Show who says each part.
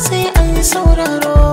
Speaker 1: sai an sauraro